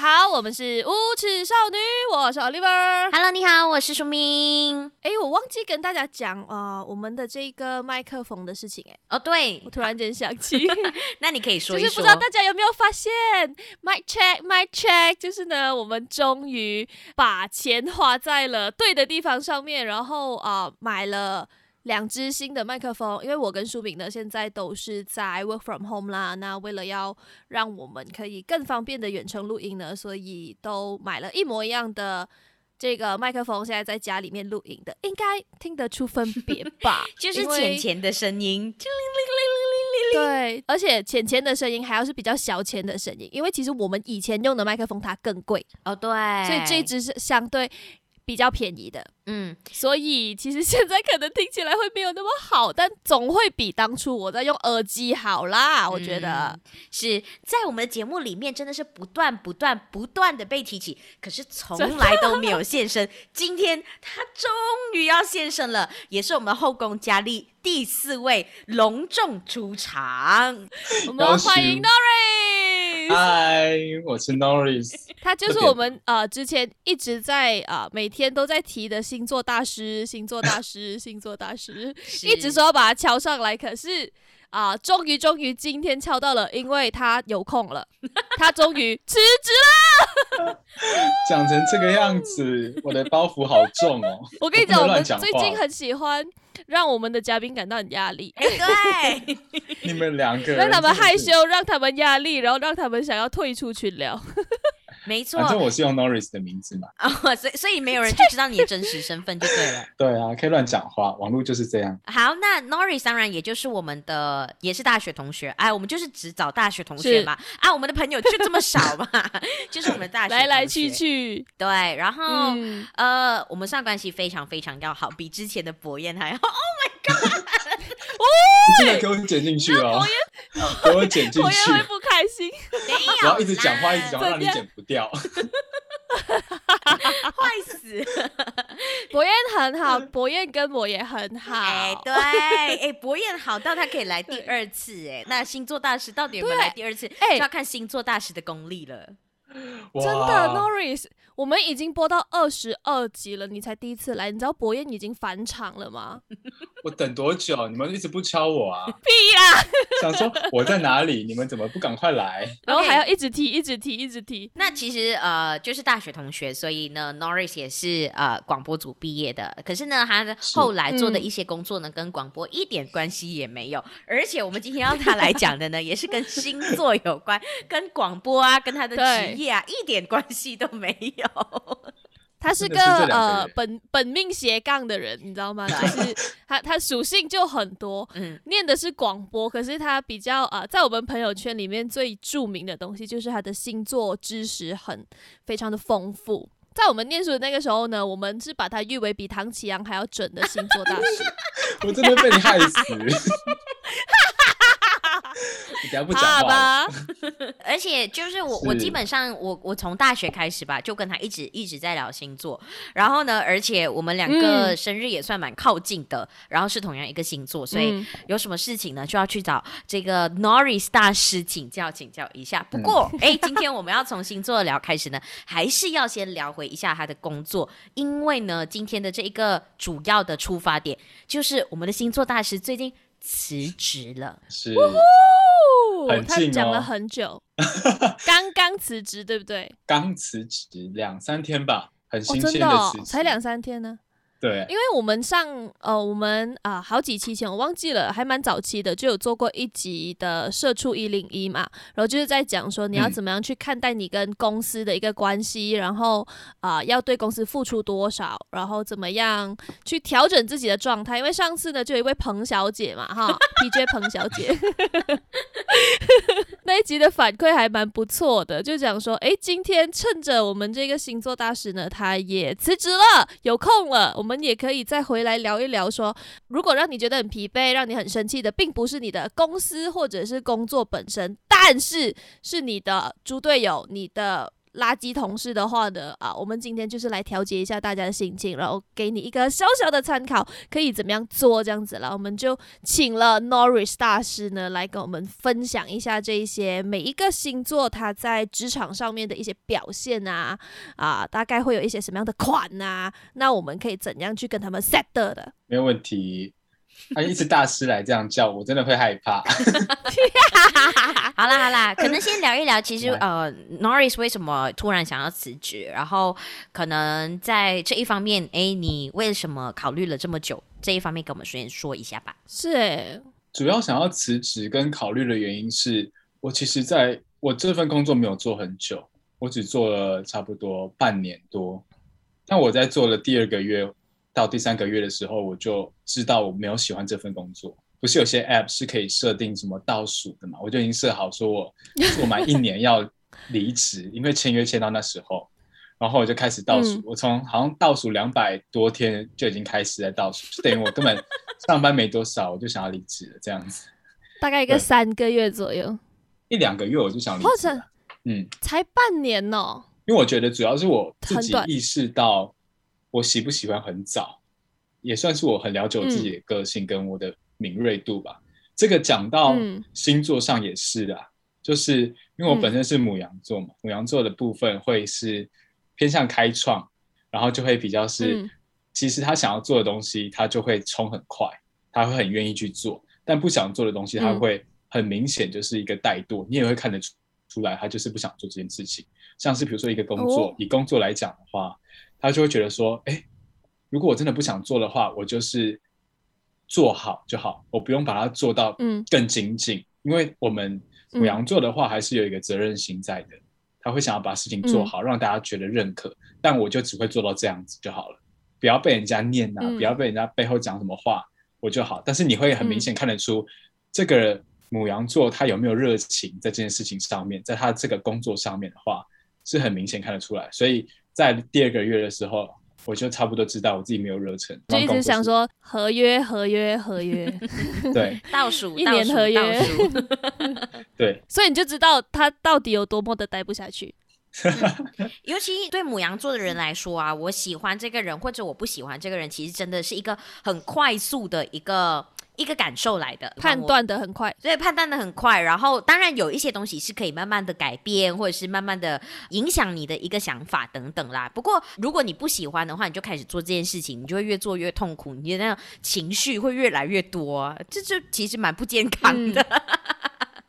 好，我們是無恥少女，我是 Oliver。Hello，你好，我是舒明。誒、欸，我忘記跟大家講啊、呃，我們的這個麥克風的事情、欸，誒，哦，對，我突然間想起， 那你可以說一說。就是不知道大家有沒有發現，Mic check，mic check，就是呢，我們終於把錢花在了對的地方上面，然後啊、呃，買了。兩支新的麥克風，因為我跟舒敏呢，現在都是在 work from home 啦。那為了要讓我們可以更方便的遠程錄音呢，所以都買了一模一樣的這個麥克風，現在在家裡面錄音的，應該聽得出分別吧？ 就是淺淺的聲音，對，而且淺淺的聲音還要是比較小淺的聲音，因為其實我們以前用的麥克風它更貴哦，對，所以這支是相對比較便宜的，嗯，所以其實現在可能聽起來會沒有那麼好，但總會比當初我在用耳機好啦，嗯。我覺得是在我們的節目裡面真的是不斷不斷不斷的被提起，可是從來都沒有現身。今天他終於要現身了，也是我們後宮佳麗第四位隆重出場，我們歡迎 Noris！我是 Noris，他就是我們 呃，之前一直在啊、呃、每天都在提的星座大師，星座大師，星座大師， 一直說要把他敲上來，是可是啊、呃，終於終於今天敲到了，因為他有空了，他終於辭職了， 講成這個樣子， 我的包袱好重哦， 我跟你講，我們最近很喜歡。讓我們的嘉賓感到很壓力，哎，對， 你們兩個讓他們害羞， 讓他們壓力，然後讓他們想要退出群聊。 沒錯，反正我是用 Noris 的名字嘛，哦、所以所以沒有人就知道你的真實身份就對了。 對啊，可以亂講話，網絡就是這樣。好，那 Noris 當然也就是我們的，也是大學同學。哎，我們就是只找大學同學嘛。啊，我們的朋友就這麼少嘛， 就是我們大學，學 來來去去。對，然後、嗯、呃，我們上關係非常非常要好，比之前的博彥還好。Oh my God！ 哦，真的給我剪進去哦！給我剪進去，博彥會不開心。我要一直講話，一直講話讓你剪不掉 ，壞壞死。博彥很好，博彥、嗯、博彥跟我也很好。哎，對，哎，博彥好到他可以來第二次，哎，那星座大獅到底有沒有來第二次？哎，就要看星座大獅的功力了。真的，Noris。我們已經播到二十二集了，你才第一次來，你知道博彥已經返場了嗎？ 我等多久？你們一直不敲我啊！屁啊！ 想說我在哪裡？你們怎麼不趕快來？然、okay, 後、哦、還要一直提，一直提，一直提。那其實呃，就是大學同學，所以呢，Norris 也是呃廣播組畢業的。可是呢，他後來做的一些工作呢，嗯、跟廣播一點關係也沒有。而且我們今天要他來講的呢， 也是跟星座有關，跟廣播啊，跟他的職業啊，一點關係都沒有。 他是個，是個呃本本命斜槓的人，你知道嗎？就 是他他屬性就很多， 念的是廣播，可是他比較啊、呃，在我們朋友圈裡面最著名的東西就是他的星座知識很非常的豐富。在我們念書的那個時候呢，我們是把他譽為比唐綺陽還要準的星座大師。 我真的被你害死。 不講好吧， 而且就是我，我基本上我我從大學開始吧，就跟他一直一直在聊星座。然後呢，而且我們兩個生日也算蠻靠近的，嗯，然後是同樣一個星座，所以有什麼事情呢，就要去找這個 Noris 大師請教請教一下。不過、嗯、 誒，今天我們要從星座聊開始呢，還是要先聊回一下他的工作，因為呢，今天的這一個主要的出發點就是我們的星座大師最近、辭職了，是，嗚呼、他講了很久， 剛剛辭職，對不對？ 剛辭職兩三天吧，很新鮮的辭職、哦，真的哦，才兩三天呢。對，因為我們上呃，我們啊、呃、好幾期前我忘記了，還蠻早期的，就有做過一集的《社畜一零一》嘛，然後就是在講說你要怎麼樣去看待你跟公司的一個關係，嗯、然後啊、呃、要對公司付出多少，然後怎麼樣去調整自己的狀態。因為上次呢，就有一位彭小姐嘛，哈 ，P.J. 彭小姐 那一集的反饋還蠻不錯的，就講說，哎，今天趁着我們這個星座大獅呢，他也辭職了，有空了，我們。我們也可以再回來聊一聊，說如果讓你覺得很疲憊、讓你很生氣的，並不是你的公司或者是工作本身，但是是你的豬隊友，你的。垃圾同事的話呢？啊，我們今天就是來調節一下大家的心情，然後給你一個小小的參考，可以怎麼樣做這樣子了。我們就請了 Noris 大獅呢，來跟我們分享一下這一些每一個星座他在職場上面的一些表現啊，啊，大概會有一些什麼樣的款吶、啊？那我們可以怎樣去跟他們 settle 的？沒問題。啊！ 一直大獅來這樣叫我，真的會害怕。 yeah, 好啦好啦，可能先聊一聊， 其實呃，Noris 為什麼突然想要辭職，然後可能在這一方面，哎，你為什麼考慮了這麼久？這一方面，跟我們先說一下吧。是，主要想要辭職跟考慮的原因是，我其實在我這份工作沒有做很久，我只做了差不多半年多，那我在做了第二個月。到第三個月的時候，我就知道我沒有喜歡這份工作。不是有些 App 是可以設定什麼倒數的嘛？我就已經設好，說我做滿一年要離職， 因為簽約簽到那時候，然後我就開始倒數、嗯。我從好像倒數兩百多天就已經開始在倒數，等 於我根本上班沒多少，我就想要離職了這樣子。大概一個三個月左右，一兩個月我就想離職。或者，嗯，才半年呢、哦。因為我覺得主要是我自己意識到。我喜不喜歡很早，也算是我很了解我自己的個性跟我的敏銳度吧。嗯、這個講到星座上也是的、嗯，就是因為我本身是牡羊座嘛，牡、嗯、羊座的部分會是偏向開創，然後就會比較是，嗯、其實他想要做的東西，他就會衝很快，他會很願意去做；但不想做的東西，他會很明顯就是一個怠惰，嗯、你也會看得出出來，他就是不想做這件事情。像是比如說一個工作，哦、以工作來講的話。他就會覺得說：“誒、欸，如果我真的不想做的話，我就是做好就好，我不用把它做到更緊緊、嗯。因為我們牡羊座的話，還是有一個責任心在的、嗯，他會想要把事情做好，讓大家覺得認可、嗯。但我就只會做到這樣子就好了，不要被人家念啊，嗯、不要被人家背後講什麼話、嗯，我就好。但是你會很明顯看得出，這個牡羊座他有沒有熱情在這件事情上面，在他這個工作上面的話，是很明顯看得出來。所以。在第二個月的時候，我就差不多知道我自己沒有熱忱，就一直想說合約合約合約，合約合約 對，倒數一年合約， 對，所以你就知道他到底有多麼的待不下去。 嗯、尤其對牡羊座的人來說啊，我喜歡這個人或者我不喜歡這個人，其實真的是一個很快速的一個。一個感受來的，判斷的很快，所以判斷的很快。然後當然有一些東西是可以慢慢的改變，或者是慢慢的影響你的一個想法等等啦。不過如果你不喜歡的話，你就開始做這件事情，你就會越做越痛苦，你的那種情緒會越來越多，這就其實蠻不健康的。嗯、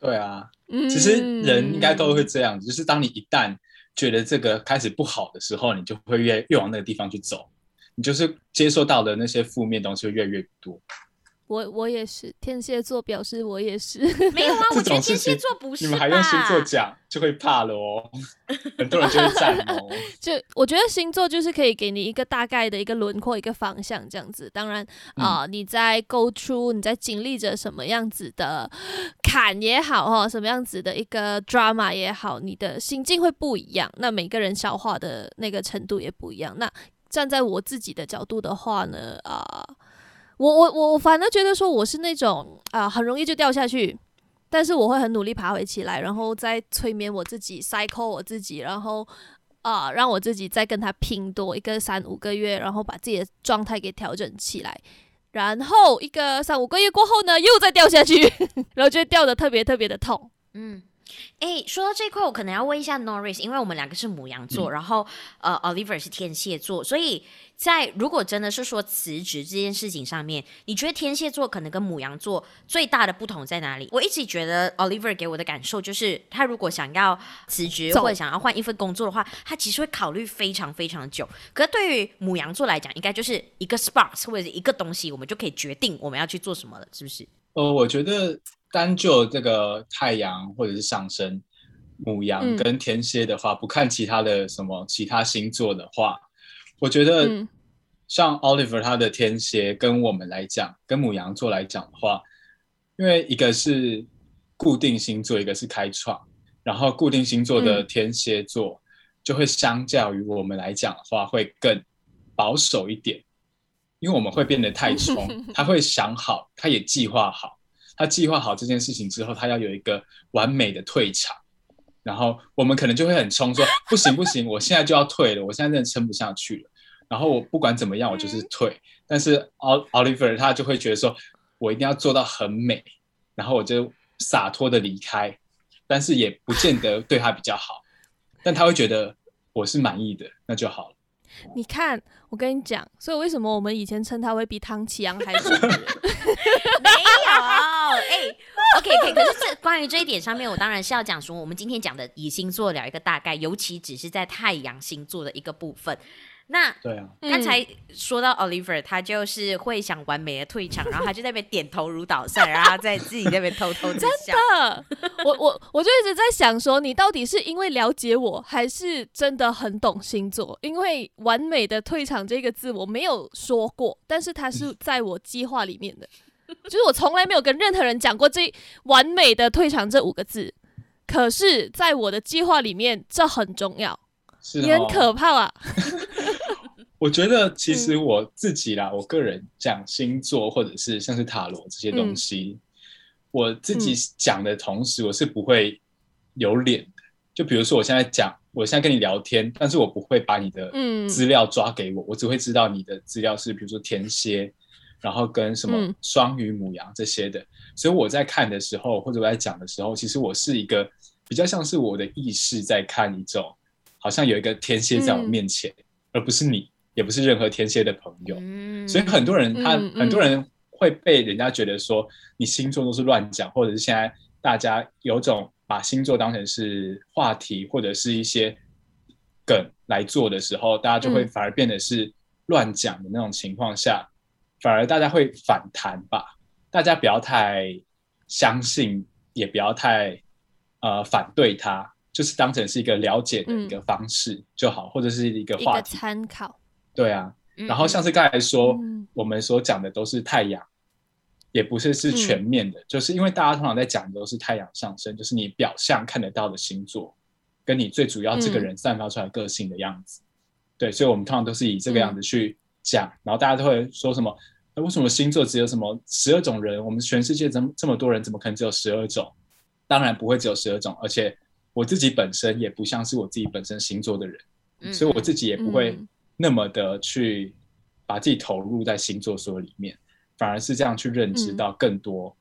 對啊，其實人應該都會這樣、嗯、就是當你一旦覺得這個開始不好的時候，你就會越越往那個地方去走，你就是接受到的那些負面東西會越來越越多。我我也是，天蠍座表示我也是， 沒有啊，我覺得天蠍座不是。你們還用星座講，就會怕了哦。 很多人就會占哦。 就我覺得星座就是可以給你一個大概的一個輪廓、一個方向這樣子。當然啊、呃嗯，你在勾出你在經歷着什麼樣子的坎也好哈，什麼樣子的一個 drama 也好，你的心境會不一樣。那每個人消化的那個程度也不一樣。那站在我自己的角度的話呢，啊、呃。我我我我反正覺得說我是那種啊、呃，很容易就掉下去，但是我會很努力爬回起來，然後再催眠我自己，cycle 我自己，然後啊、呃，讓我自己再跟他拼多一個三五個月，然後把自己的狀態給調整起來，然後一個三五個月過後呢，又再掉下去，然後就掉得特別特別的痛，嗯。哎，說到這一塊，我可能要問一下 Noris，因為我們兩個是牡羊座，嗯、然後呃，Oliver 是天蠍座，所以在如果真的是說辭職這件事情上面，你覺得天蠍座可能跟牡羊座最大的不同在哪裡？我一直覺得 Oliver 給我的感受就是，他如果想要辭職或者想要換一份工作的話，他其實會考慮非常非常久。可是對於牡羊座來講，應該就是一個 spark 或者一個東西，我們就可以決定我們要去做什麼了，是不是？呃，我覺得。單就這個太陽或者是上升牡羊跟天蠍的話，嗯，不看其他的什麼其他星座的話，我覺得像 Oliver 他的天蠍跟我們來講，跟牡羊座來講的話，因為一個是固定星座，一個是開創，然後固定星座的天蠍座就會相較於我們來講的話，會更保守一點，因為我們會變得太衝， 他會想好，他也計劃好。他計劃好這件事情之後，他要有一個完美的退場，然後我們可能就會很衝，說 不行不行，我現在就要退了，我現在真的撐不下去了。然後我不管怎麼樣，我就是退。但是 O Oliver 他就會覺得說，我一定要做到很美，然後我就灑脫的離開，但是也不見得對他比較好，但他會覺得我是滿意的，那就好了。你看，我跟你講，所以為什麼我們以前稱它會比唐綺陽還凶？ 沒有，哎 OK 可以。 okay, okay, 可是這關於這一點上面，我當然是要講說，我們今天講的以星座聊一個大概，尤其只是在太陽星座的一個部分。那對啊，剛才說到 Oliver，嗯，他就是會想完美的退場，然後他就在那邊點頭如搗蒜， 然後在自己在那邊偷偷在笑 真的，我我我就一直在想說，你到底是因為了解我還是真的很懂星座？因為“完美的退場”這個字我沒有說過，但是他是在我計劃裡面的， 就是我從來沒有跟任何人講過這“完美的退場”這五個字，可是在我的計劃裡面，這很重要。是哦、你很可怕啊 ！我覺得其實我自己啦， 嗯、我個人講星座或者是像是塔羅這些東西，嗯、我自己講的同時，我是不會有臉、嗯、就比如說我現在講，我現在跟你聊天，但是我不會把你的資料抓給我、嗯，我只會知道你的資料是比如說天蠍，然後跟什麼雙魚、牡羊這些的、嗯。所以我在看的時候，或者我在講的時候，其實我是一個比較像是我的意識在看一種。好像有一個天蠍在我面前、嗯，而不是你，也不是任何天蠍的朋友、嗯。所以很多人他、嗯、很多人會被人家覺得說、嗯、你星座都是亂講，或者是現在大家有種把星座當成是話題或者是一些梗來做的時候，大家就會反而變得是亂講的那種情況下，嗯、反而大家會反彈吧？大家不要太相信，也不要太呃反對他。就是當成是一個了解的一個方式就好，嗯、或者是一個話題，一個參考，對啊。嗯、然後像是剛才說、嗯，我們所講的都是太陽、嗯，也不是是全面的，就是因為大家通常在講的都是太陽上升、嗯，就是你表象看得到的星座，跟你最主要這個人散發出來個性的樣子、嗯，對，所以我們通常都是以這個樣子去講、嗯，然後大家都會說什麼？欸、為什麼星座只有什麼十二種人？我們全世界這麼這麼多人，怎麼可能只有十二種？當然不會只有十二種，而且。我自己本身也不像是我自己本身星座的人、嗯，所以我自己也不會那麼的去把自己投入在星座說裡面、嗯，反而是這樣去認知到更多、嗯、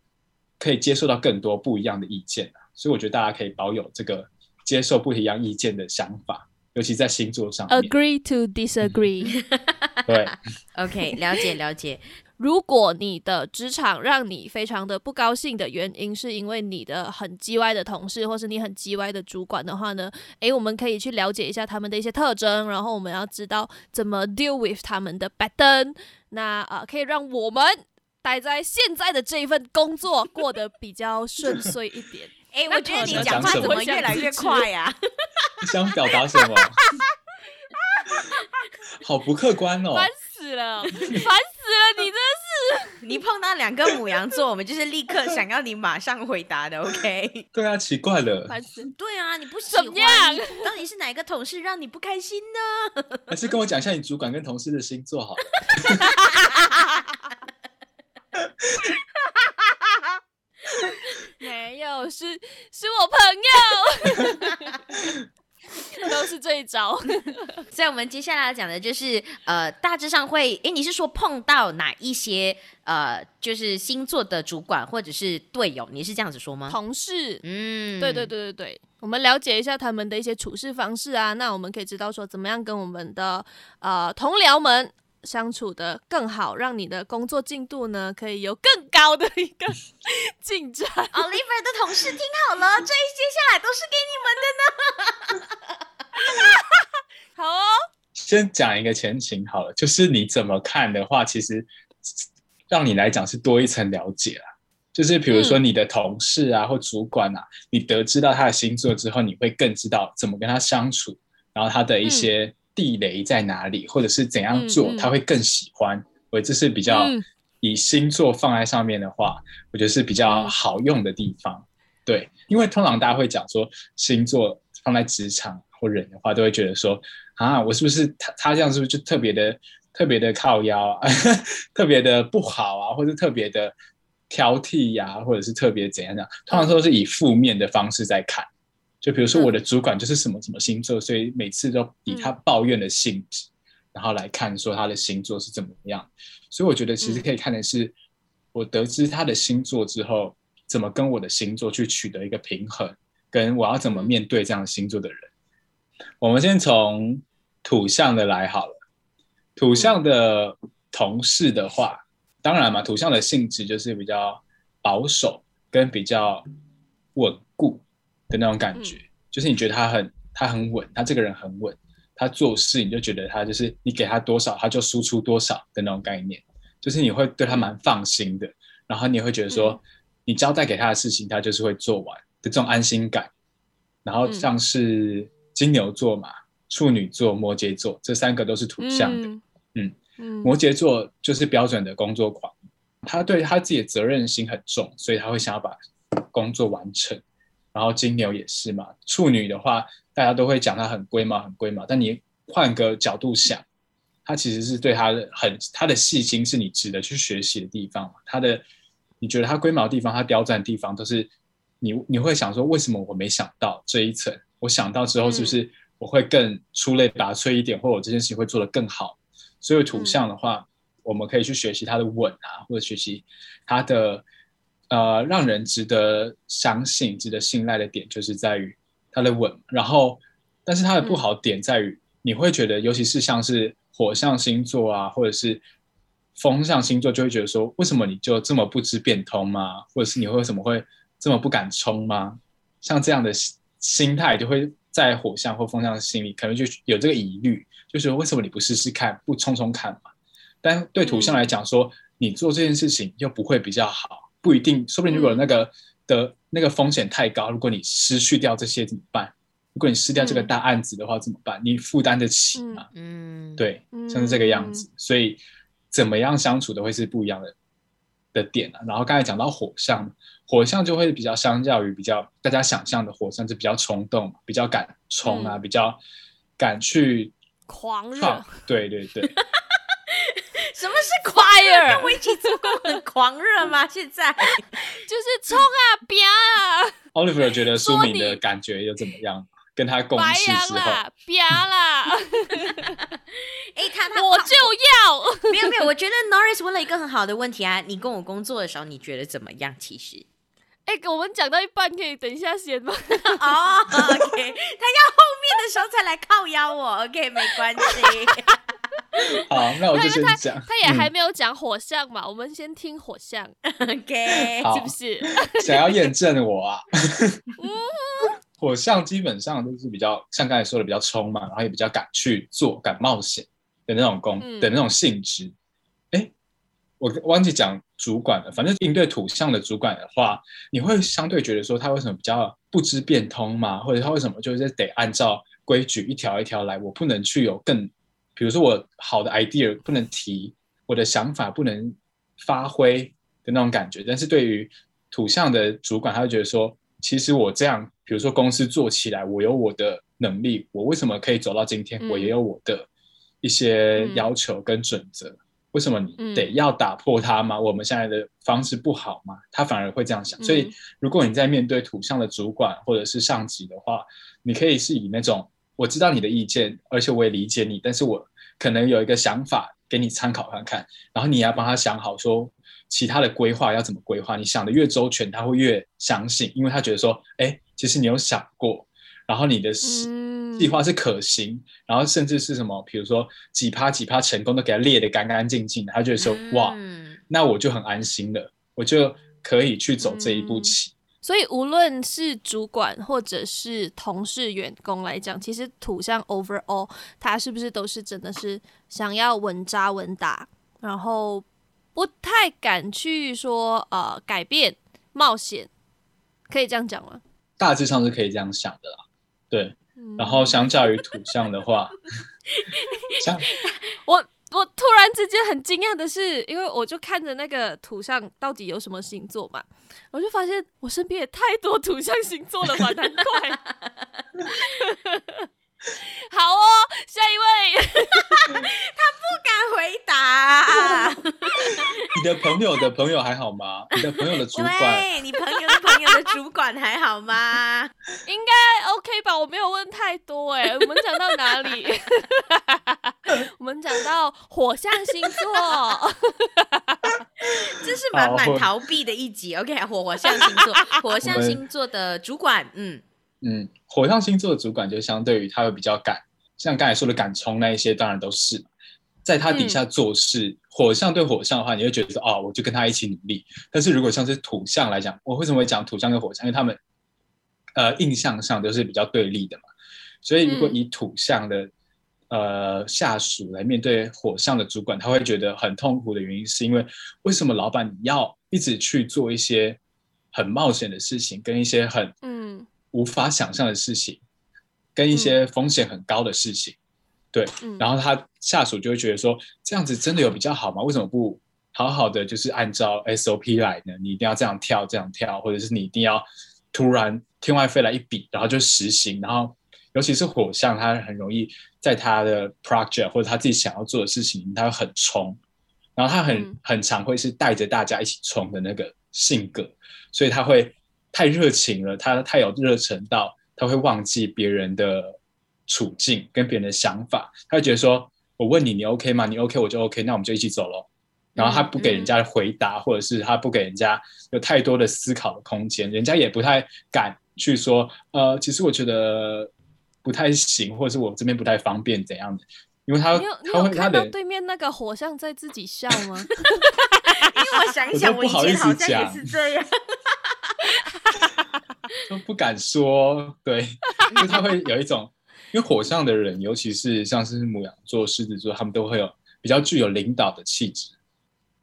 可以接受到更多不一樣的意見，所以我覺得大家可以保有這個接受不一樣意見的想法，尤其在星座上。Agree to disagree。 對。OK，了解了解。 如果你的職場讓你非常的不高興的原因是因為你的很嘰歪的同事，或是你很嘰歪的主管的話呢？哎、欸，我們可以去了解一下他們的一些特徵，然後我們要知道怎麼 deal with 他們的 pattern，那、呃、啊可以讓我們待在現在的這一份工作過得比較順遂一點。哎、 欸，我覺得你講話怎麼越來越快呀？啊？你想表達什麼？ 什麼 好不客觀哦！煩死了，煩死了。 你碰到兩個牡羊座， 我們就是立刻想要你馬上回答的。OK？對啊，奇怪了，對啊，你不行啊。到底是哪一個同事讓你不開心呢？還是跟我講一下你主管跟同事的星座好了？ 沒有，是是我朋友。 都是這一招 所以我們接下來要講的就是，呃，大致上會，誒、欸，你是說碰到哪一些，呃，就是星座的主管或者是隊友，你是這樣子說嗎？同事，嗯，對對對對對，我們了解一下他們的一些處事方式啊，那我們可以知道說怎麼樣跟我們的呃同僚們。相處的更好，讓你的工作進度呢可以有更高的一個進展。 Oliver 的同事，聽好了， 這一接下來都是給你們的呢。 好、哦，先講一個前情好了，就是你怎麼看的話，其實讓你來講是多一層了解了。就是比如說你的同事啊、嗯，或主管啊，你得知到他的星座之後，你會更知道怎麼跟他相處，然後他的一些、嗯。地雷在哪裡，或者是怎樣做，嗯嗯，他會更喜歡。我這是比較以星座放在上面的話、嗯，我覺得是比較好用的地方。對，因為通常大家會講說星座放在職場或人的話，都會覺得說啊，我是不是他他這樣是不是就特別的特別的靠腰、啊， 特別的不好啊，或者是特別的挑剔呀、啊，或者是特別怎樣的，通常都是以負面的方式在看。就比如說，我的主管就是什麼什麼星座、嗯，所以每次都以他抱怨的性質，嗯、然後來看說他的星座是怎麼樣。所以我覺得其實可以看的是，我得知他的星座之後，怎麼跟我的星座去取得一個平衡，跟我要怎麼面對這樣星座的人。我們先從土象的來好了。土象的同事的話，當然嘛，土象的性質就是比較保守跟比較穩。的那種感覺、嗯，就是你覺得他很他很穩，他這個人很穩，他做事你就覺得他就是你給他多少他就輸出多少的那種概念，就是你會對他蠻放心的，然後你會覺得說你交代給他的事情他就是會做完、嗯、的這種安心感。然後像是金牛座嘛、嗯、處女座、摩羯座這三個都是土象的嗯，嗯，摩羯座就是標準的工作狂，他對他自己的責任心很重，所以他會想要把工作完成。然後金牛也是嘛，處女的話，大家都會講她很龜毛，很龜毛。但你換個角度想，她其實是對她的很，她的細心是你值得去學習的地方嘛。她的，你覺得她龜毛的地方，她刁鑽的地方，都是你你會想說，為什麼我沒想到這一層？我想到之後，是不是我會更出類拔萃一點，嗯、或我這件事情會做得更好？所以土象的話、嗯，我們可以去學習她的穩啊，或者學習她的。呃，讓人值得相信、值得信賴的點就是在於它的穩。然後，但是它的不好點在於，你會覺得，尤其是像是火象星座啊，或者是風象星座，就會覺得說，為什麼你就這麼不知變通嗎？或者是你會為什麼會這麼不敢衝嗎？像這樣的心態，就會在火象或風象心裡，可能就有這個疑慮，就是為什麼你不試試看，不衝衝看嘛？但對土象來講，說、嗯、你做這件事情又不會比較好。不一定，說不定如果那個、嗯、的那個風險太高，如果你失去掉這些怎麼辦？如果你失掉這個大案子的話、嗯、怎麼辦？你負擔得起嗎？嗯，對，嗯、像是這個樣子，嗯、所以怎麼樣相處都會是不一樣的的點啊。然後剛才講到火象，火象就會比較相較於比較大家想象的火象，是比較衝動，比較敢衝啊，嗯、比較敢去狂熱，對對對，對。 什麼是 choir 跟我一起做工很狂熱嗎？現在就是衝衝啊！彪 啊！Oliver 覺得舒敏的感覺又怎麼樣？跟他共事之後，彪啦！哎、 欸，他，他我就要 沒有沒有，我覺得 Noris 問了一個很好的問題啊！你跟我工作的時候，你覺得怎麼樣？其實，哎、欸，我們講到一半，可以等一下寫嗎？哦、 oh，OK， 他要後面的時候才來靠腰我，OK 沒關係。 好，那我就先講。他也還沒有講火象嘛、嗯，我們先聽火象 ，OK？是不是？想要驗證我啊？ 火象基本上都是比較像剛才說的比較衝嘛，然後也比較敢去做、敢冒險的那種工、嗯、的那種性質。哎、欸，我忘記講主管了。反正應對土象的主管的話，你會相對覺得說他為什麼比較不知變通嘛，或者他為什麼就是得按照規矩一條一條來，我不能去有更。比如說我好的 idea 不能提，我的想法不能發揮的那種感覺。但是對於土象的主管，他會覺得說，其實我這樣，比如說公司做起來，我有我的能力，我為什麼可以走到今天？我也有我的一些要求跟準則，嗯，為什麼你得要打破它嗎？嗯，我們現在的方式不好嗎？他反而會這樣想。所以如果你在面對土象的主管或者是上級的話，你可以是以那種我知道你的意見，而且我也理解你，但是我。可能有一個想法給你參考看看，然後你要幫他想好說其他的規劃要怎麼規劃。你想的越周全，他會越相信，因為他覺得說，哎，其實你有想過，然後你的計劃是可行，嗯、然後甚至是什麼，比如說幾趴幾趴成功的給他列的乾乾淨淨的，他覺得說、嗯，哇，那我就很安心了，我就可以去走這一步棋。嗯所以，無論是主管或者是同事、員工來講，其實土象 overall，他是不是都是真的是想要穩紮穩打，然後不太敢去說呃改變、冒險，可以這樣講嗎？大致上是可以這樣想的啦。對，然後相較於土象的話，嗯、 像我。我突然之間很驚訝的是，因為我就看着那個土象到底有什麼星座嘛，我就發現我身邊也太多土象星座了吧，難怪。好哦，下一位， 他不敢回答。 你的朋友的朋友還好嗎？你的朋友的主管，你朋友的朋友的主管還好嗎？ 應該 OK 吧？我沒有問太多哎。 我們講到哪裡？ 我們講到火象星座， 這是滿滿逃避的一集。OK，火火象星座， 火象星座的主管，嗯。嗯，火象星座的主管就相對於他會比較敢，像剛才說的敢衝那一些，當然都是在他底下做事、嗯。火象對火象的話，你會覺得說哦，我就跟他一起努力。但是如果像是土象來講，我為什麼會講土象跟火象？因為他們呃印象上都是比較對立的嘛。所以如果以土象的、嗯、呃下屬來面對火象的主管，他會覺得很痛苦的原因，是因為為什麼老闆你要一直去做一些很冒險的事情，跟一些很嗯。無法想象的事情，跟一些風險很高的事情，嗯，對，然後他下屬就會覺得說，這樣子真的有比較好嗎？為什麼不好好的就是按照 SOP 來呢？你一定要這樣跳，這樣跳，或者是你一定要突然天外飛來一筆，然後就實行。然後尤其是火象，他很容易在他的 project 或者他自己想要做的事情，他會很衝，然後他很很常會是帶着大家一起衝的那個性格，所以他會。太熱情了，他太有熱忱到，他會忘記別人的處境跟別人的想法，他會覺得說，我問你，你 OK 嗎？你 OK 我就 OK，那我們就一起走嘍。然後他不給人家的回答，或者是他不給人家有太多的思考的空間，人家也不太敢去說，呃，其實我覺得不太行，或者是我這邊不太方便，怎樣的。因為他，他會看到對面那個火象在自己笑嗎？ 因為我想一想，我以前好像也是這樣，就不敢說。 對，因為他會有一種， 因為火象的人，尤其是像是牡羊座、獅子座，他們都會有比較具有領導的氣質。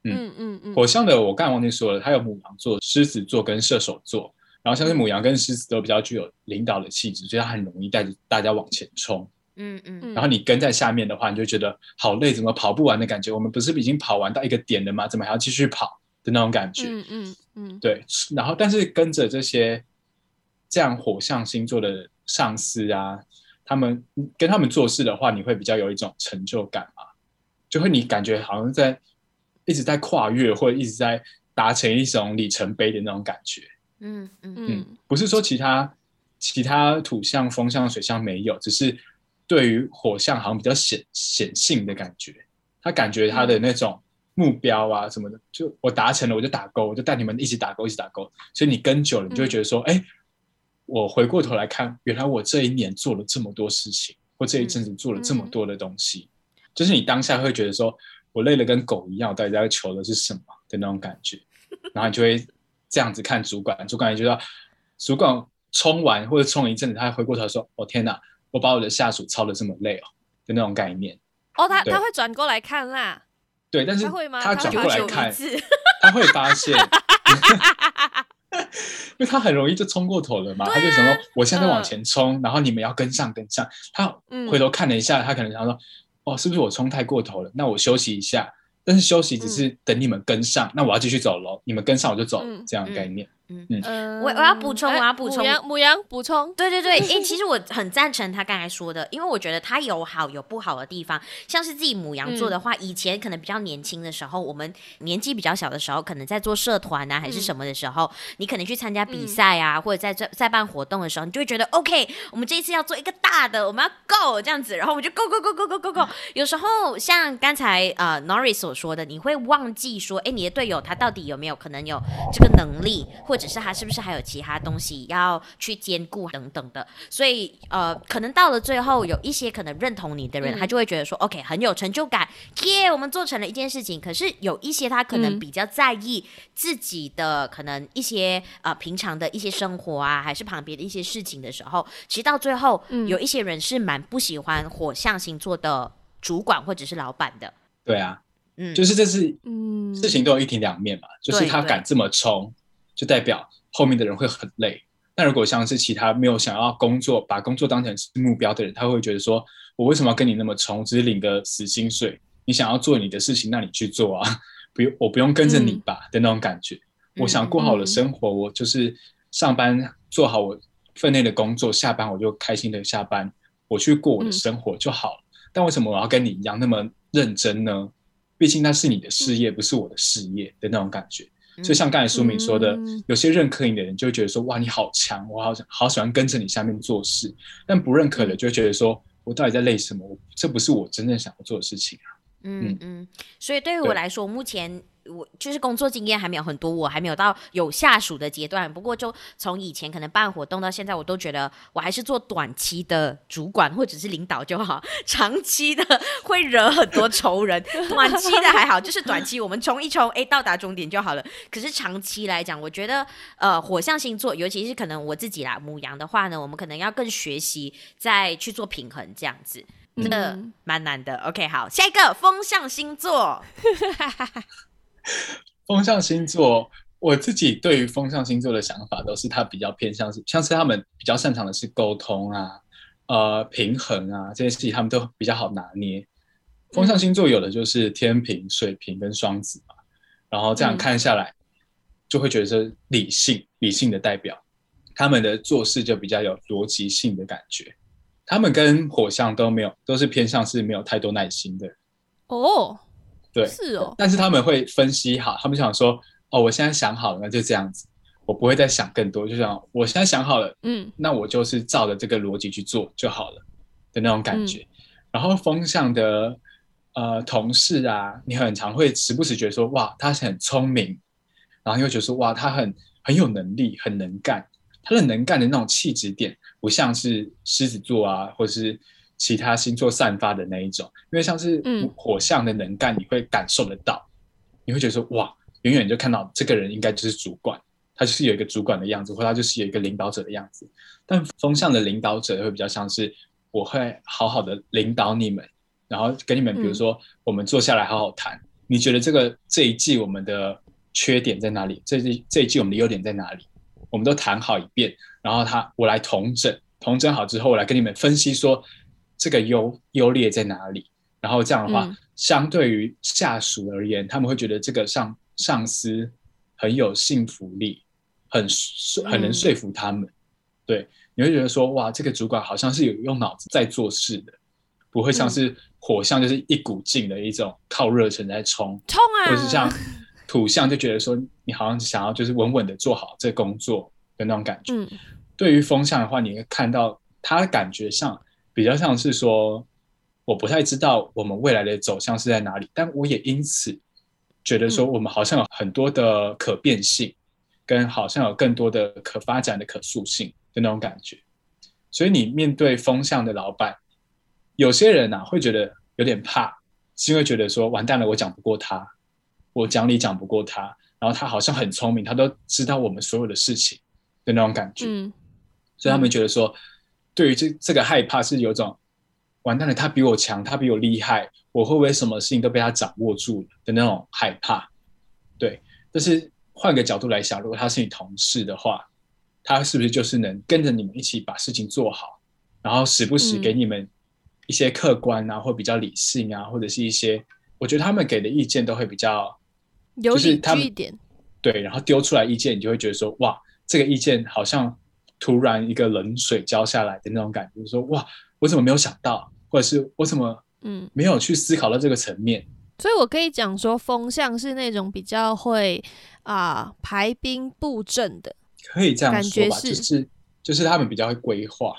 嗯嗯嗯，火象的我剛才忘記說了，他有牡羊座、獅子座跟射手座，然後像是牡羊跟獅子都比較具有領導的氣質，所以他很容易帶着大家往前衝。嗯嗯，然後你跟在下面的話，你就覺得好累，怎麼跑不完的感覺？我們不是已經跑完到一個點了嗎？怎麼還要繼續跑的那種感覺？嗯嗯嗯，對。然後，但是跟着這些這樣火象星座的上司啊，他們跟他們做事的話，你會比較有一種成就感嘛？就會你感覺好像在一直在跨越，或者一直在達成一種里程碑的那種感覺。嗯嗯嗯，不是說其他其他土象、風象、水象沒有，只是。對於火象好像比較顯顯性的感覺，他感覺他的那種目標啊什麼的，就我達成了我就打勾，我就帶你們一起打勾，一起打勾。所以你跟久了，你就會覺得說，哎，我回過頭來看，原來我這一年做了這麼多事情，或這一陣子做了這麼多的東西，就是你當下會覺得說我累了跟狗一樣，我到底在求的是什麼的那種感覺，然後你就會這樣子看主管，主管也覺得主管衝完或者衝一陣子，他回過頭說，哦天哪！我把我的下屬操的這麼累哦，就那種概念。哦，他他會轉過來看啦。對，但是他會嗎？他轉過來看，他會，他會， 他會發現， 因為他很容易就衝過頭了嘛。啊、他就想說，我現在往前衝、呃，然後你們要跟上跟上。他回頭看了一下，他可能想說、嗯，哦，是不是我衝太過頭了？那我休息一下。但是休息只是等你們跟上，嗯、那我要繼續走嘍。你們跟上我就走，嗯、這樣的概念。嗯嗯嗯嗯，我我要補充，我要補充、呃、我要補充、呃、牡羊補充，對對對，因、 欸、其實我很贊成他剛才說的，因為我覺得他有好有不好的地方。像是自己牡羊座的話、嗯，以前可能比較年輕的時候、嗯，我們年紀比較小的時候，可能在做社團啊還是什麼的時候、嗯，你可能去參加比賽啊，嗯、或者在在辦活動的時候，你就會覺得、嗯、OK，我們這一次要做一個大的，我們要 go 這樣子，然後我們就 go go go go go go。有時候像剛才呃 Norris 所說的，你會忘記說，哎、欸，你的隊友他到底有沒有可能有這個能力，或者只是他是不是還有其他東西要去兼顧等等的，所以呃，可能到了最後，有一些可能認同你的人，嗯、他就會覺得說，OK，很有成就感，耶，我們做成了一件事情。可是有一些他可能比較在意自己的、嗯、可能一些呃平常的一些生活啊，還是旁邊的一些事情的時候，其實到最後、嗯，有一些人是蠻不喜歡火象星座的主管或者是老闆的。對啊，嗯，就是這是嗯事情都有一體兩面嘛，就是他敢這麼衝。就代表後面的人會很累。那如果像是其他沒有想要工作，把工作當成是目標的人，他會覺得說：“我為什麼要跟你那麼衝？只是領個死薪水，你想要做你的事情，那你去做啊！不用，我不用跟着你吧、嗯、的那種感覺。嗯、我想過好我的生活、嗯，我就是上班做好我分內的工作、嗯，下班我就開心的下班，我去過我的生活就好了。嗯、但為什麼我要跟你一樣那麼認真呢？畢竟那是你的事業、嗯，不是我的事業的那種感覺。”就像剛才書明說的，嗯，有些認可你的人就會覺得說，嗯，哇，你好強，我好想好喜歡跟着你下面做事。但不認可的就會覺得說，我到底在累什麼？這不是我真正想要做的事情啊。嗯嗯，所以對於我來說，目前。我就是工作經驗還沒有很多，我還沒有到有下屬的階段。不過，就從以前可能辦活動到現在，我都覺得我還是做短期的主管或者是領導就好。長期的會惹很多仇人， 短期的還好，就是短期 我們衝一衝，哎、欸，到達終點就好了。可是長期來講，我覺得呃，火象星座，尤其是可能我自己啦，牡羊的話呢，我們可能要更學習再去做平衡，這樣子真的蠻難的。OK，好，下一個風象星座。 風象星座，我自己對於風象星座的想法都是，他比較偏向是，像是他們比較擅長的是溝通啊，呃，平衡啊這些事情，他們都比較好拿捏。風象星座有的就是天平、水瓶跟雙子嘛，然後這樣看下來，就會覺得是理性、嗯，理性的代表，他們的做事就比較有邏輯性的感覺。他們跟火象都沒有，都是偏向是沒有太多耐心的。哦。對、哦，但是他們會分析好，他們想說，哦，我現在想好了，那就這樣子，我不會再想更多，就想我現在想好了，嗯，那我就是照着這個邏輯去做就好了的那種感覺。嗯、然後風象的呃同事啊，你很常會時不時覺得說，哇，他是很聰明，然後又覺得說哇，他很很有能力，很能幹，他的能幹的那種氣質點，不像是獅子座啊，或是。其他星座散發的那一種，因為像是火象的能幹，你會感受得到，嗯、你會覺得說，哇，遠遠就看到這個人應該就是主管，他就是有一個主管的樣子，或他就是有一個領導者的樣子。但風象的領導者會比較像是我會好好的領導你們，然後跟你們比如說我們坐下來好好談，嗯，你覺得這個這一季我們的缺點在哪裡？這一季這一季我們的優點在哪裡？我們都談好一遍，然後他我來統整，統整好之後我來跟你們分析說。這個優優劣在哪裡？然後這樣的話，嗯、相對於下屬而言，他們會覺得這個上上司很有信服力，很很能說服他們、嗯。對，你會覺得說，哇，這個主管好像是有用腦子在做事的，不會像是火象就是一股勁的一種靠熱忱在衝衝啊，或是像土象就覺得說，你好像想要就是穩穩的做好這個工作的那種感覺。嗯、對於風象的話，你會看到他感覺像。比較像是說，我不太知道我們未來的走向是在哪裡，但我也因此覺得說，我們好像有很多的可變性，跟好像有更多的可發展的可塑性的那種感覺。所以，你面對風向的老闆，有些人吶、啊、會覺得有點怕，是因為覺得說，完蛋了，我講不過他，我講理講不過他，然後他好像很聰明，他都知道我們所有的事情的那種感覺。所以他們覺得說。對於這這個害怕是有種，完蛋了，他比我強，他比我厲害，我會不會什麼事情都被他掌握住了的那種害怕。對，但是換個角度來想，如果他是你同事的話，他是不是就是能跟着你們一起把事情做好，然後時不時給你們一些客觀啊，嗯、或比較理性啊，或者是一些，我覺得他們給的意見都會比較有依據一點，就是他們。對，然後丟出來意見，你就會覺得說，哇，這個意見好像。突然一個冷水澆下來的那種感覺說，說哇，我怎麼沒有想到，或者是我怎麼嗯沒有去思考到這個層面？嗯、所以我可以講說，風象是那種比較會啊、呃、排兵布陣的，可以這樣說吧，感覺是、就是就是他們比較會規劃，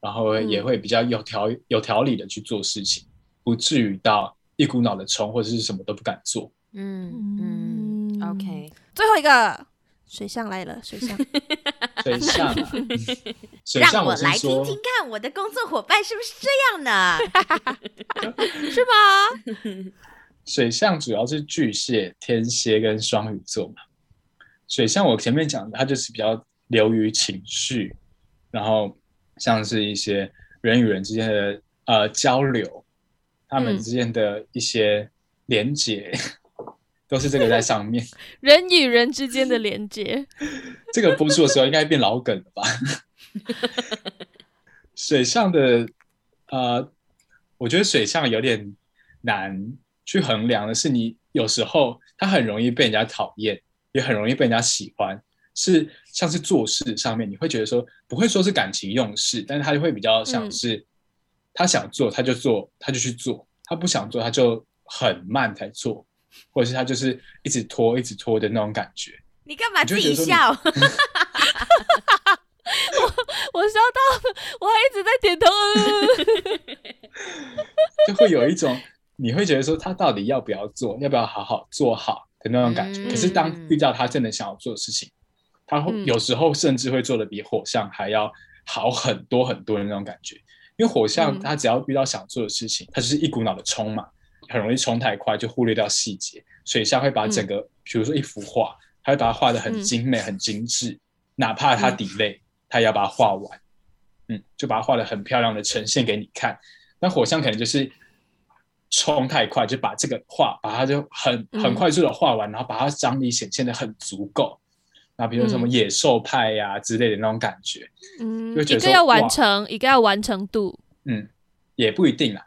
然後也會比較有條、嗯、有條理的去做事情，不至於到一股腦的衝或者是什麼都不敢做。嗯嗯，OK，最後一個水象來了，水象。 水象啊水象，讓我來聽聽看我的工作夥伴是不是這樣呢？ 是嗎？水象主要是巨蟹、天蠍跟雙魚座嘛。水象我前面講的，它就是比較流於情緒，然後像是一些人與人之間的呃，交流，他們之間的一些連結。嗯都是這個在上面，人與人之間的連接 。這個播出的時候應該變老梗了吧？ 水象的呃，我覺得水象有點難去衡量的是，你有時候他很容易被人家討厭，也很容易被人家喜歡。是像是做事上面，你會覺得說不會說是感情用事，但是他就會比較像是他想做他就做，他就去做，他不想做他就很慢才做。或者是他就是一直拖一直拖的那種感覺，你幹嘛自己笑？ 我我收到，我還一直在點頭。 就會有一種你會覺得說他到底要不要做，要不要好好做好的那種感覺。嗯，可是當遇到他真的想要做的事情，他會有時候甚至會做的比火象還要好很多很多的那種感覺。因為火象他只要遇到想做的事情，他就是一股腦的衝嘛。很容易衝太快，就忽略掉細節，水象會把整個，比、嗯、如說一幅畫，他會把它畫的很精美，嗯、很精緻，哪怕他 delay，、嗯、他也要把它畫完，嗯，就把它畫的很漂亮的呈現給你看。那火象可能就是衝太快，就把這個畫把它就很很快速的畫完，然後把它張力顯現的很足夠。那、嗯、比如說什麼野獸派呀，啊、之類的那種感覺，嗯，覺得一個要完成，一個要完成度，嗯，也不一定啦。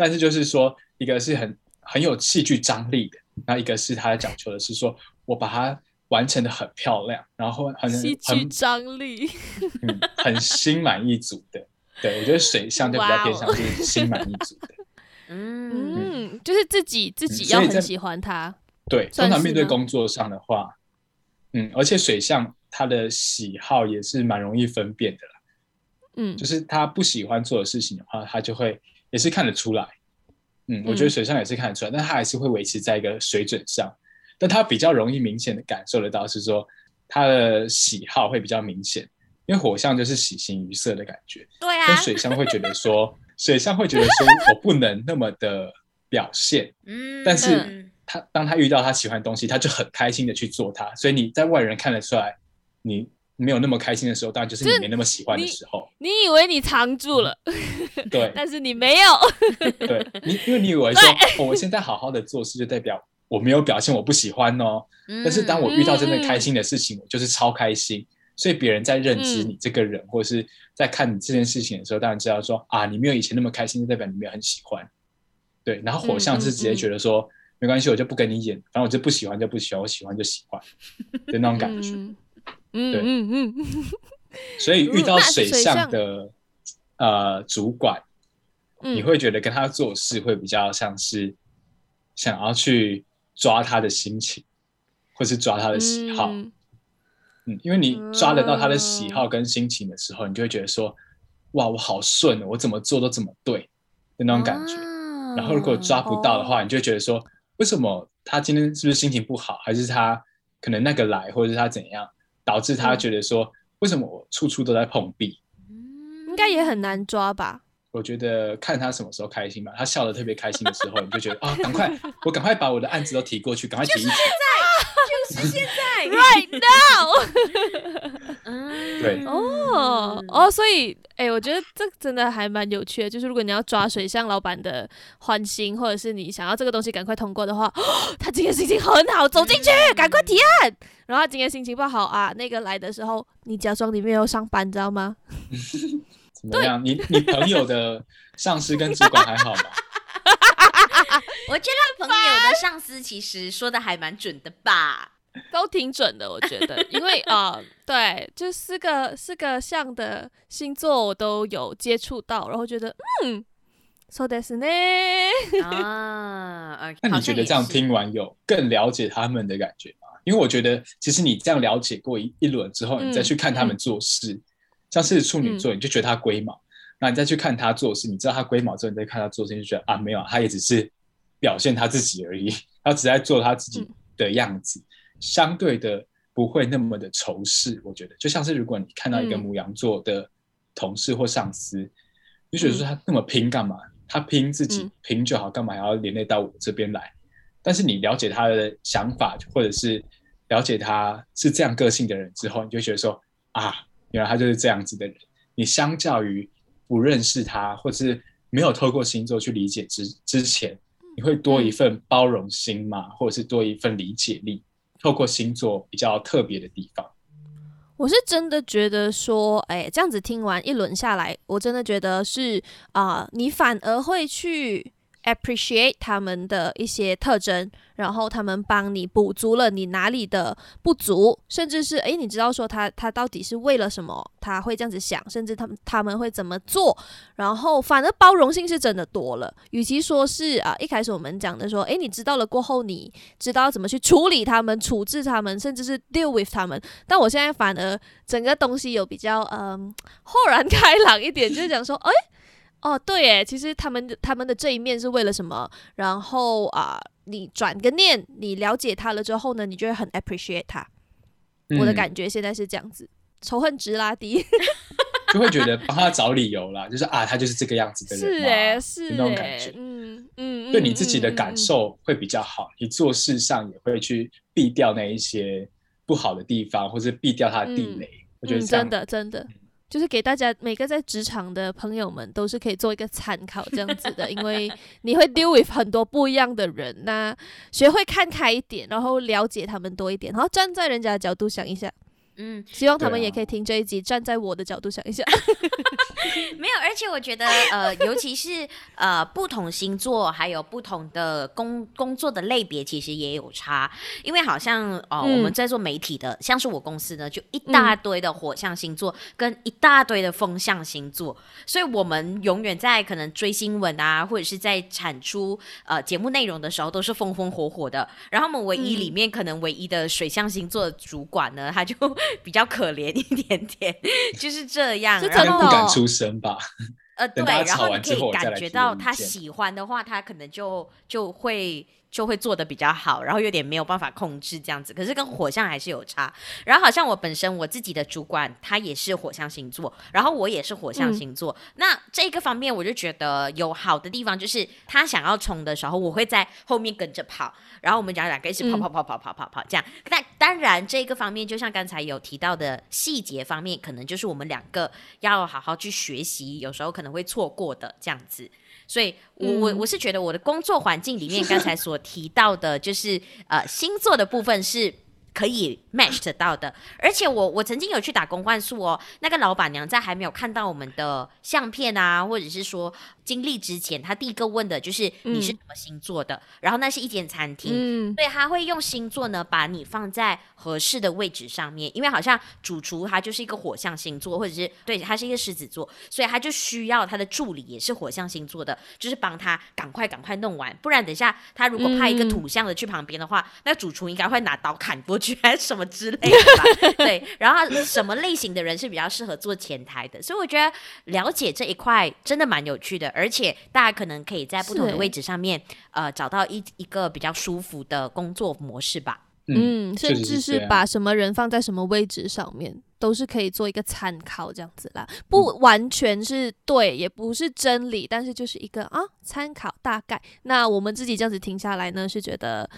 但是就是說，一個是很很有戲劇張力的，那一個是他講求的是說，我把它完成得很漂亮，然後很戲劇張力，很，、嗯、很心滿意足的。 對，我覺得水象就比較偏向是心滿意足的。Wow、 嗯嗯，就是自己自己要很喜歡他、嗯在。對，通常面對工作上的話，嗯，而且水象他的喜好也是蠻容易分辨的啦。嗯，就是他不喜歡做的事情的話，他就會。也是看得出來，嗯，我覺得水象也是看得出來、嗯，但他還是會維持在一個水準上，但他比較容易明顯的感受得到是說，他的喜好會比較明顯，因為火象就是喜形於色的感覺。對啊，水象會覺得說， 水象會覺得說，我不能那麼的表現，嗯， 但是他當他遇到他喜歡的東西，他就很開心的去做它，所以你在外人看得出來，你。沒有那麼開心的時候，當然就是你沒那麼喜歡的時候。你，你以為你藏住了，嗯、對， 但是你沒有。 對，你因為你以為說， 我現在好好的做事，就代表我沒有表現我不喜歡哦。但是當我遇到真的開心的事情、嗯，我就是超開心、嗯。所以別人在認知你這個人、嗯，或者是在看你這件事情的時候，當然知道說啊，你沒有以前那麼開心，就代表你沒有很喜歡。對，然後火象是直接覺得說、嗯嗯、沒關係，我就不跟你演，反正我就不喜歡就不喜歡，我喜歡就喜歡，就那種感覺。嗯嗯 對。所以遇到水象的 水上呃主管，你會覺得跟他做事會比較像是想要去抓他的心情，或是抓他的喜好。 嗯，因為你抓得到他的喜好跟心情的時候，你就會覺得說，哇，我好順、喔，我怎麼做都怎麼對，的那種感覺、啊。然後如果抓不到的話，哦、你就會覺得說，為什麼他今天是不是心情不好，還是他可能那個來，或者是他怎樣？導致他覺得說，為什麼我處處都在碰壁？嗯，應該也很難抓吧。我覺得看他什麼時候開心吧。他笑得特別開心的時候，你就覺得啊，趕、 哦、趕快， 我趕快把我的案子都提過去，趕快提一提。就是現在是現在 ，right now、 uh, 對。對哦哦，所以哎，我覺得這真的還蠻有趣的。就是如果你要抓水象老板的歡心，或者是你想要這個東西趕快通過的話，哦、他今天心情很好，走進去趕快提案。然後他今天心情不好啊，那個來的時候，你假裝你沒有上班，知道嗎？怎麼樣？ 你你朋友的上司跟主管還好嗎？ 我覺得朋友的上司其實說的還蠻準的吧。都挺準的，我覺得，因為啊、 呃，對，就是，四個四個象的星座我都有接觸到，然後覺得嗯，說的是呢啊， 那你覺得這樣聽完有更了解他們的感覺嗎？因為我覺得其實你這樣了解過一一輪之後，你再去看他們做事，嗯、像是處女座，嗯、你就覺得他龜毛、嗯，那你再去看他做事，你知道他龜毛之後，你再看他做事，你就覺得啊，沒有、啊，他也只是表現他自己而已，他只在做他自己的樣子。嗯相對的不會那麼的仇視，我覺得就像是如果你看到一個牡羊座的同事或上司，你、嗯、覺得說他那麼拼幹嘛、嗯？他拼自己拼就好，幹嘛還要連累到我這邊來、嗯？但是你了解他的想法，或者是了解他是這樣個性的人之後，你就覺得說啊，原來他就是這樣子的人。你相較於不認識他，或者是沒有透過星座去理解之之前，你會多一份包容心嘛、嗯，或者是多一份理解力？透過星座比較特別的地方，我是真的覺得說，哎、欸，這樣子聽完一輪下來，我真的覺得是啊、呃，你反而會去 appreciate 他們的一些特徵，然後他們幫你補足了你哪裡的不足，甚至是誒，你知道說他他到底是為了什麼？他會這樣子想，甚至他們他們會怎麼做？然後反而包容性是真的多了。與其說是啊，一開始我們講的說，誒，你知道了過後，你知道怎麼去處理他們、處置他們，甚至是 deal with 他們。但我現在反而整個東西有比較嗯、um、豁然開朗一點，就是講說，哎。 哦，對誒，其實他們他們的這一面是為了什麼？然後啊、呃，你轉個念，你了解他了之後呢，你就會很 appreciate 他。嗯、我的感覺現在是這樣子，仇恨值拉低， 就會覺得幫他找理由了，就是啊，他就是這個樣子的人，是、欸、是、欸、那種感覺，欸、嗯嗯，嗯，對你自己的感受會比較好、嗯嗯，你做事上也會去避掉那一些不好的地方，或是避掉他的地雷。嗯、我覺得真的、嗯、真的。真的就是給大家每個在職場的朋友們都是可以做一個參考這樣子的， 因為你會 deal with 很多不一樣的人，那學會看開一點，然後了解他們多一點，然後站在人家的角度想一下。嗯，希望他們也可以聽這一集，啊、站在我的角度想一下。 沒有，而且我覺得，呃， 尤其是呃，不同星座還有不同的工工作的類別，其實也有差。因為好像哦、呃嗯，我們在做媒體的，像是我公司呢，就一大堆的火象星座跟一大堆的風象星座，嗯、所以我們永遠在可能追新聞啊，或者是在產出呃節目內容的時候，都是風風火火的。然後我們唯一裡面可能唯一的水象星座主管呢，嗯、他就。比較可憐一點點，就是這樣，是喔，然後他不敢出聲吧。呃，對，後聽聽然後你可以感覺到他喜歡的話，他可能就就會。就會做得比較好，然後有點沒有辦法控制這樣子，可是跟火象還是有差。然後好像我本身我自己的主管他也是火象星座，然後我也是火象星座。嗯、那這個方面我就覺得有好的地方，就是他想要衝的時候，我會在後面跟着跑。然後我們講兩個一起跑跑跑跑跑跑跑，跑，跑、嗯、這樣。但當然這個方面，就像剛才有提到的細節方面，可能就是我們兩個要好好去學習，有時候可能會錯過的這樣子。所以我，我、嗯、我我是覺得我的工作環境裡面，剛才所提到的，就是 呃星座的部分是可以 match 得到的。而且我，我我曾經有去打工換宿哦，那個老板娘在還沒有看到我們的相片啊，或者是說。經歷之前，他第一個問的就是你是什麼星座的。嗯、然後那是一間餐廳，對、嗯、所以他會用星座呢，把你放在合適的位置上面，因為好像主廚他就是一個火象星座，或者是對他是一個獅子座，所以他就需要他的助理也是火象星座的，就是幫他趕快趕快弄完，不然等一下他如果派一個土象的去旁邊的話，嗯、那主廚應該會拿刀砍過去還是什麼之類的吧。 對，然後什麼類型的人是比較適合做前台的？所以我覺得了解這一塊真的蠻有趣的。而且大家可能可以在不同的位置上面，呃，找到一一個比較舒服的工作模式吧。嗯，甚至是把什麼人放在什麼位置上面，嗯，就是、都是可以做一個參考，這樣子啦。不完全是對、嗯，也不是真理，但是就是一個啊，參考大概。那我們自己這樣子聽下來呢，是覺得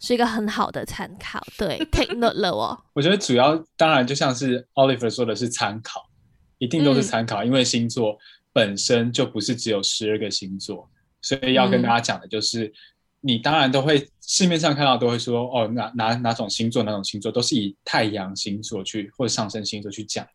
是一個很好的參考。對 ，take note 了哦。我覺得主要當然就像是 Oliver 說的是參考，一定都是參考、嗯，因為星座。本身就不是只有十二個星座，所以要跟大家講的就是，嗯、你當然都會市面上看到都會說，哦，哪哪哪種星座，哪種星座都是以太陽星座去或者上升星座去講的，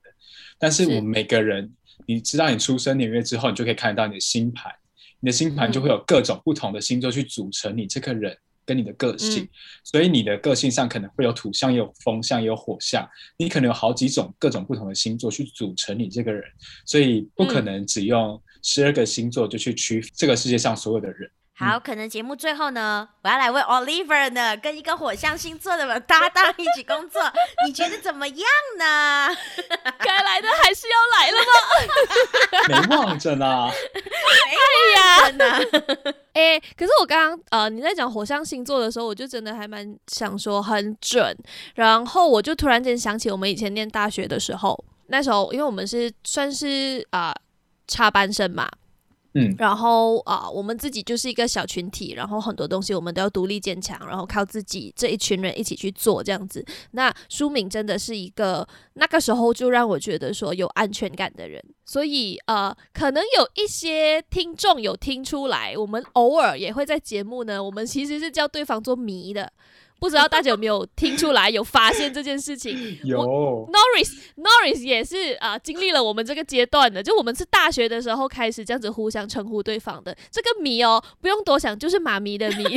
但是我們每個人，你知道你出生年月之後，你就可以看得到你的星盤，你的星盤就會有各種不同的星座去組成你這個人。嗯嗯跟你的個性，嗯，所以你的個性上可能會有土象，也有風象，也有火象，你可能有好幾種各種不同的星座去組成你這個人，所以不可能只用十二個星座就去區分這個世界上所有的人。嗯嗯好，可能節目最後呢，我要來為 Oliver 呢跟一個火象星座的搭檔一起工作， 你覺得怎麼樣呢？該 來的還是要來了嗎？ 沒忘着呢。哎呀，哎、 欸，可是我剛剛呃你在講火象星座的時候，我就真的還蠻想說很準，然後我就突然間想起我們以前念大學的時候，那時候因為我們是算是啊、呃、插班生嘛。嗯，然後啊、呃，我們自己就是一個小群體，然後很多東西我們都要獨立堅強，然後靠自己這一群人一起去做這樣子。那舒敏真的是一個那個時候就讓我覺得說有安全感的人，所以呃，可能有一些聽眾有聽出來，我們偶爾也會在節目呢，我們其實是叫對方做迷的。不知道大家有沒有聽出來， 有發現這件事情？我有，Noris，Noris Noris 也是啊、呃，經歷了我們這個階段的，就我們是大學的時候開始這樣子互相稱呼對方的。這個“迷”哦，不用多想，就是媽咪的謎“迷”。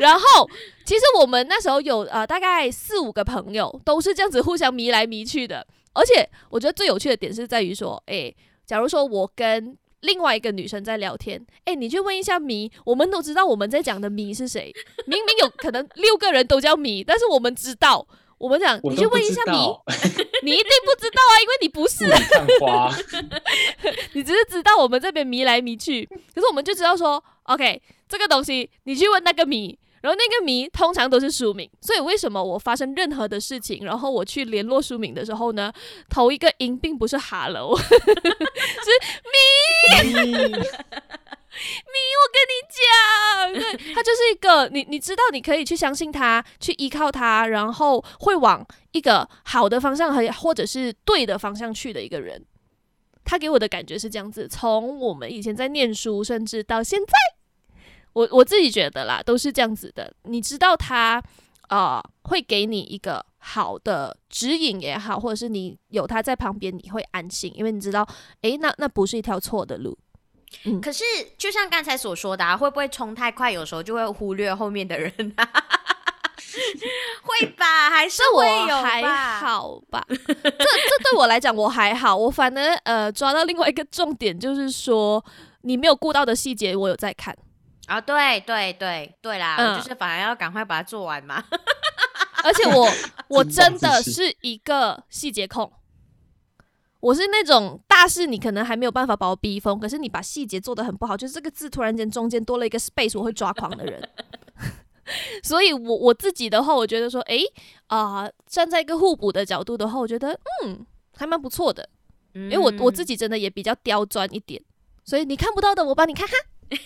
然後，其實我們那時候有啊、呃，大概四五個朋友都是這樣子互相迷來迷去的。而且，我覺得最有趣的點是在於說，誒，假如說我跟另外一個女生在聊天，哎、欸，你去問一下迷。我們都知道我們在講的迷是誰，明明有可能六個人都叫迷，但是我們知道，我們講你去問一下迷，你一定不知道啊，因為你不是。不 你只是知道我們這邊迷來迷去，可是我們就知道說，OK，這個東西你去問那個迷。然後那個謎通常都是書名，所以為什麼我發生任何的事情，然後我去聯絡書名的時候呢，頭一個音並不是 “hello”，呵呵是“謎。” 謎，我跟你講，對，他就是一個你，你知道你可以去相信他，去依靠他，然後會往一個好的方向和或者是對的方向去的一個人。他給我的感覺是這樣子：從我們以前在念書，甚至到現在。我我自己覺得啦，都是這樣子的。你知道他，啊、呃，會給你一個好的指引也好，或者是你有他在旁邊，你會安心，因為你知道，哎、欸，那那不是一條錯的路。嗯、可是就像剛才所說的、啊，會不會衝太快，有時候就會忽略後面的人、啊？ 會吧，還是會有吧？ 這這對我來講我還好，我反而呃，抓到另外一個重點，就是說你沒有顧到的細節，我有在看。啊、哦，對對對，對啦，嗯、就是反而要趕快把它做完嘛。而且我我真的是一個細節控，我是那種大事你可能還沒有辦法把我逼瘋，可是你把細節做得很不好，就是這個字突然間中間多了一個 space，我會抓狂的人。 所以我，我我自己的話，我覺得說，哎啊、呃，站在一個互補的角度的話，我覺得嗯，還蠻不錯的。因為我我自己真的也比較刁鑽一點，所以你看不到的，我幫你看看。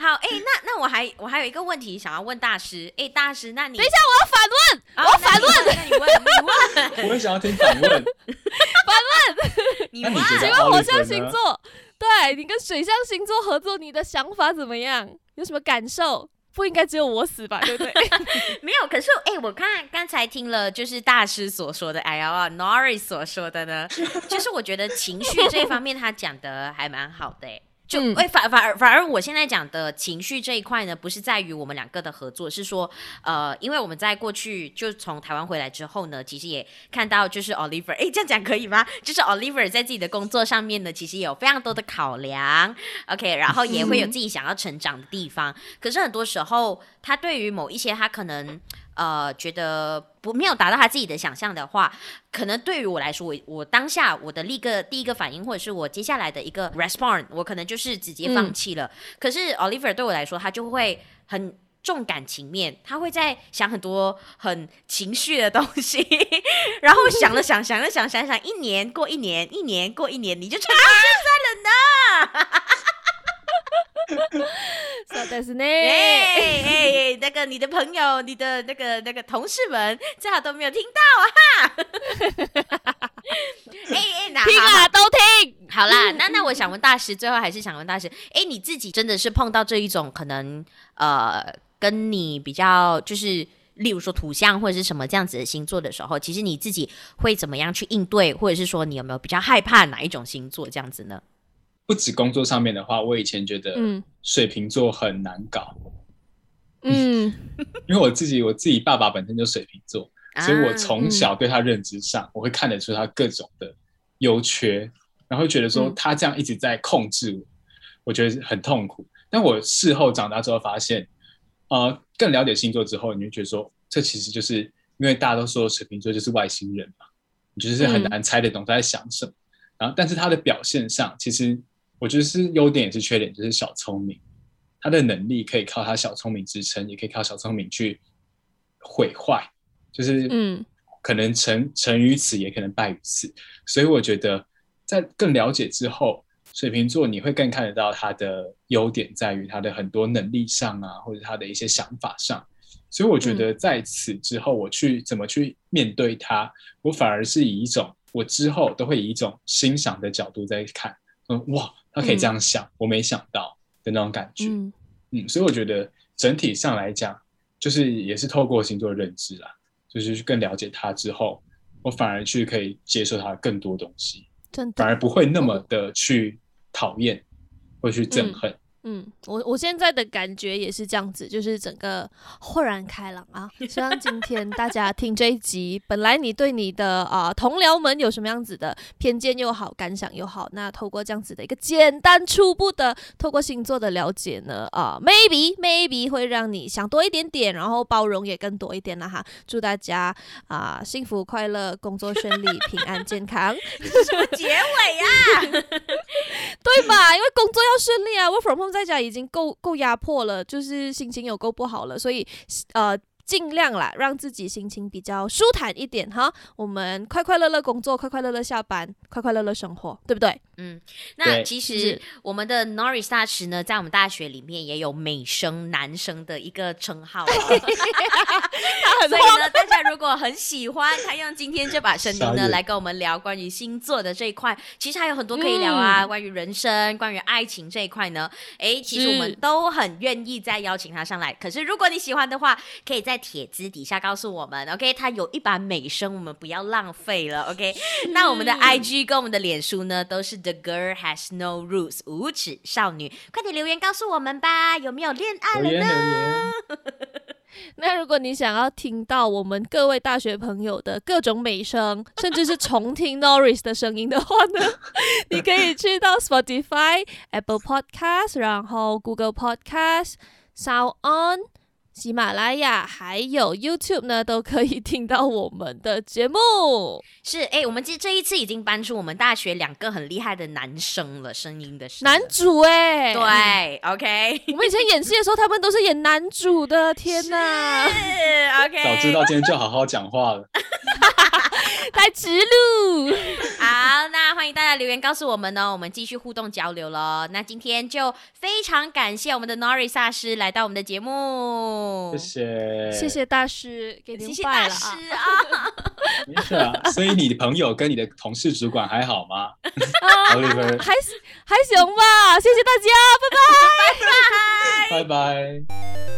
好，欸、那那我還我還有一個問題想要問大師，哎、欸，大師，那你等一下，我要反問，我要反問，那你問你問，我很想要聽反問，反問，你問，請 反問 火象星座，對你跟水象星座合作，你的想法怎麼樣？有什麼感受？不應該只有我死吧，對不對？ 沒有，可是，哎、欸，我看剛才聽了就是大師所說的，哎呀 Noris 所說的呢， 就是我覺得情緒這一方面，他講的還蠻好的、欸，哎。就哎反、嗯、反而反而我現在講的情緒這一塊呢，不是在於我們兩個的合作，是說呃，因為我們在過去就從台灣回來之後呢，其實也看到就是 Oliver，哎、欸、這樣講可以嗎？就是 Oliver 在自己的工作上面呢，其實有非常多的考量、嗯、，OK，然後也會有自己想要成長的地方。嗯、可是很多時候，他對於某一些他可能。呃，覺得不沒有達到他自己的想象的話，可能對於我來說，我我當下我的第一個第一個反應，或者是我接下來的一個 response，我可能就是直接放棄了。嗯。可是 Oliver 對我來說，他就會很重感情面，他會在想很多很情緒的東西，然後想了想想了想 想了想，想了想，想了想，一年過一年，一年過一年，你就成功了呢。啊 哈、 so that's it. yeah, 欸，但是呢，哎哎，那個你的朋友，你的那個那個同事們，最好都沒有聽到啊！哈哈哈哈哈！哎，欸，哎，聽啊，都聽。好啦，嗯，那那我想問大師，嗯，最後還是想問大師，哎，欸，你自己真的是碰到這一種可能，呃，跟你比較，就是例如說土象或者是什麼這樣子的星座的時候，其實你自己會怎麼樣去應對，或者是說你有沒有比較害怕哪一種星座這樣子呢？不止工作上面的話，我以前覺得水瓶座很難搞。嗯， 因為我自己我自己爸爸本身就水瓶座，啊、所以我從小對他認知上、嗯，我會看得出他各種的優缺，然後會覺得說他這樣一直在控制我、嗯，我覺得很痛苦。但我事後長大之後發現，呃，更了解星座之後，你就覺得說，這其實就是因為大家都說水瓶座就是外星人嘛，你就是很難猜得懂他、嗯、在想什麼。然、啊、後，但是他的表現上，其實。我覺得是優點也是缺點，就是小聰明。他的能力可以靠他小聰明支撐，也可以靠小聰明去毀壞，就是嗯，可能成成於此，也可能敗於此。所以我覺得在更了解之後，水瓶座你會更看得到他的優點，在於他的很多能力上啊，或者他的一些想法上。所以我覺得在此之後，我去怎麼去面對他，我反而是以一種我之後都會以一種欣賞的角度在看，嗯，哇。他可以這樣想、嗯，我沒想到的那種感覺，嗯，嗯，所以我覺得整體上來講，就是也是透過星座認知啦，就是更了解他之後，我反而去可以接受他更多東西，嗯、反而不會那麼的去討厭、嗯、或去憎恨。嗯嗯，我我現在的感覺也是這樣子，就是整個豁然開朗啊！希望今天大家聽這一集， 本來你對你的啊、呃、同僚們有什麼樣子的偏見又好，感想又好，那透過這樣子的一個簡單初步的透過星座的了解呢，啊、呃、maybe maybe 會讓你想多一點點，然後包容也更多一點了、啊、哈！祝大家啊、呃、幸福快樂，工作順利， 平安健康。這是什麼結尾啊？ 對吧？因為工作要順利啊，我 from home 在家已經夠夠壓迫了，就是心情有夠不好了，所以，呃。儘量啦，讓自己心情比較舒坦一點哈。我們快快樂樂工作，快快樂樂下班，快快樂樂生活，對不對？嗯。那其實我們的 Noris 大獅呢，在我們大學裡面也有美聲男生的一個稱號 他很慌笑所以呢，大家如果很喜歡他用今天這把聲音呢，來跟我們聊關於星座的這一塊，其實還有很多可以聊啊，嗯、關於人生、關於愛情這一塊呢、欸。其實我們都很願意再邀請他上來。可是如果你喜歡的話，可以在。帖子底下告訴我們，OK，他有一把美聲，我們不要浪費了，OK、嗯。那我們的 IG 跟我們的臉書呢，都是 The Girl Has No Rules，無恥少女，快點留言告訴我們吧，有沒有戀愛了呢？有言有言 那如果你想要聽到我們各位大獅朋友的各種美聲，甚至是重聽 Noris 的聲音的話呢， 你可以去到 Spotify、Apple Podcast，然後 Google Podcast，Sound On。喜馬拉雅還有 YouTube 呢，都可以聽到我們的節目。是，哎、欸，我們這這一次已經搬出我們大學兩個很厲害的男生了，聲音的聲男主、欸，哎，對、嗯、，OK。我們以前演戲的時候， 他們都是演男主的，天哪是，OK。早知道今天就好好講話了， 太直路。好，那歡迎大家留言告訴我們呢、哦，我們繼續互動交流了。那今天就非常感謝我們的 Noris 老師來到我們的節目。謝謝，謝謝大師，給您拜、啊、謝謝大師啊！ 沒事啊，所以你的朋友跟你的同事主管還好嗎？ 啊、 還 還行吧。謝謝大家 拜拜，拜拜，拜拜，拜拜。拜拜